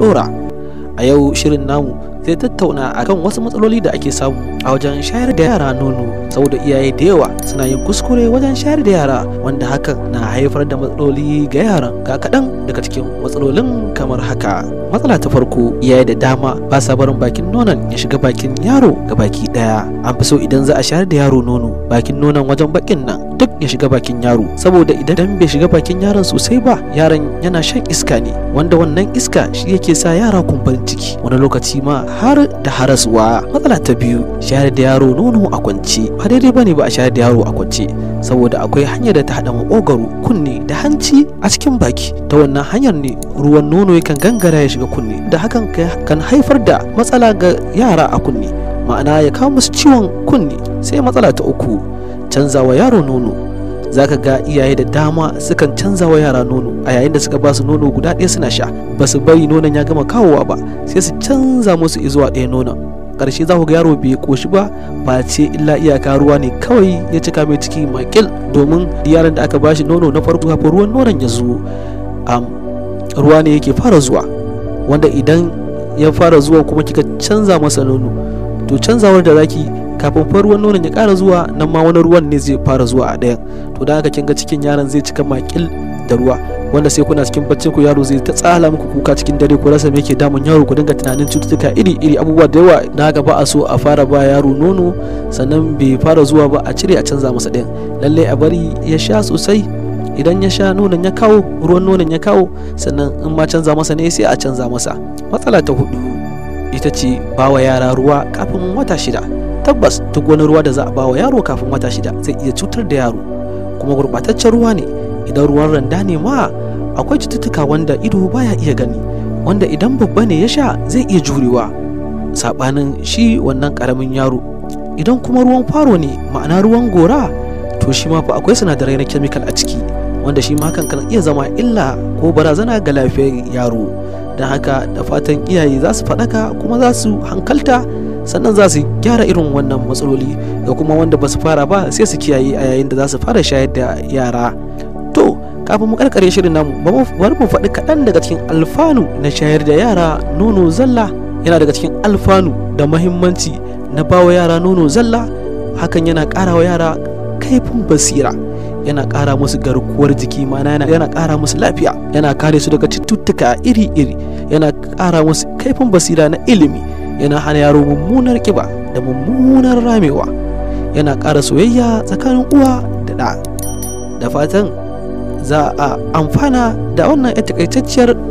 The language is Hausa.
dora a yau shirin namu zai tattauna akan wasu matsaloli da ake samu a wajen shayar da yara nono saboda iyaye da yawa suna yin kuskure wajen shayar da yara wanda hakan na haifar da matsaloli ga yaran ga kaɗan daga cikin matsalolin kamar haka matsala ta farko iyaye da dama ba sa barin bakin nonon ya shiga bakin yaro ga baki daya an fi so idan za a shayar da yaro nono bakin nonon wajen bakin nan duk ya shiga bakin yaro saboda idan bai shiga bakin yaron sosai ba yaron yana shan iska ne wanda wannan iska shi yake sa yara kumbarin ciki wani lokaci ma har da haraswa matsala ta biyu shayar da yaro nono a kwance ba daidai bane ba a shayar da yaro a kwance saboda akwai hanyar da ta haɗa maƙogaro kunne da hanci a cikin baki ta wannan hanyar ne ruwan nono yakan gangara ya shiga kunne da hakan kan haifar da matsala ga yara a kunne ma'ana ya kawo musu ciwon kunne sai matsala ta uku canzawa yaro nono zaka ga iyaye da dama sukan canza wa yara nono a yayin da suka ba su nono guda ɗaya suna sha ba su bari nonon ya gama kawowa ba sai su canza musu zuwa ɗaya nonon ƙarshe za ku ga yaro bai koshi ba ba ce illa iyaka ruwa ne kawai ya cika mai ciki makil domin yaran da aka ba shi nono na farko kafin ruwan nonon ya zo ruwa ne yake fara zuwa wanda idan ya fara zuwa kuma kika canza masa nono to canzawar da zaki kafin fa ruwan nonon ya kara zuwa nan ma wani ruwan ne zai fara zuwa a ɗayan to da haka kin ga cikin yaron zai cika makil da ruwa wanda sai kuna cikin baccin ku yaro zai ta tsala muku kuka cikin dare ku rasa me ke damun yaro ku dinga tunanin cututtuka iri iri abubuwa da yawa na haka ba a so a fara ba yaro nono sannan bai fara zuwa ba a cire a canza masa ɗayan lallai a bari ya sha sosai idan ya sha nonon ya kawo ruwan nonon ya kawo sannan in ma canza masa ne sai a canza masa matsala ta hudu ita ce ba wa yara ruwa kafin wata shida tabbas duk wani ruwa da za a bawa yaro kafin wata shida zai iya cutar da yaro kuma gurɓataccen ruwa ne idan ruwan randa ne ma akwai cututtuka wanda ido baya iya gani wanda idan babba ne ya sha zai iya jurewa saɓanin shi wannan ƙaramin yaro idan kuma ruwan faro ne ma'ana ruwan gora to shi ma fa akwai sinadarai na kemikal a ciki wanda shi ma hakan kan iya zama illa ko barazana ga lafiyar yaro don haka da fatan iyaye za su faɗaka kuma za su hankalta sannan za su gyara irin wannan matsaloli da kuma wanda ba su fara ba sai su kiyaye a yayin da za su fara shayar da yara to kafin mu karkare shirin namu bari mu faɗi kaɗan daga cikin alfanu na shayar da yara nono zalla yana daga cikin alfanu da mahimmanci na bawa yara nono zalla hakan yana ƙara wa yara kaifin basira yana ƙara musu garkuwar jiki mana yana ƙara musu lafiya yana kare su daga cututtuka iri-iri yana ƙara musu kaifin basira na ilimi yana hana yaro mummunar kiba da mummunar ramewa yana ƙara soyayya tsakanin uwa da da fatan za a amfana da wannan takaitacciyar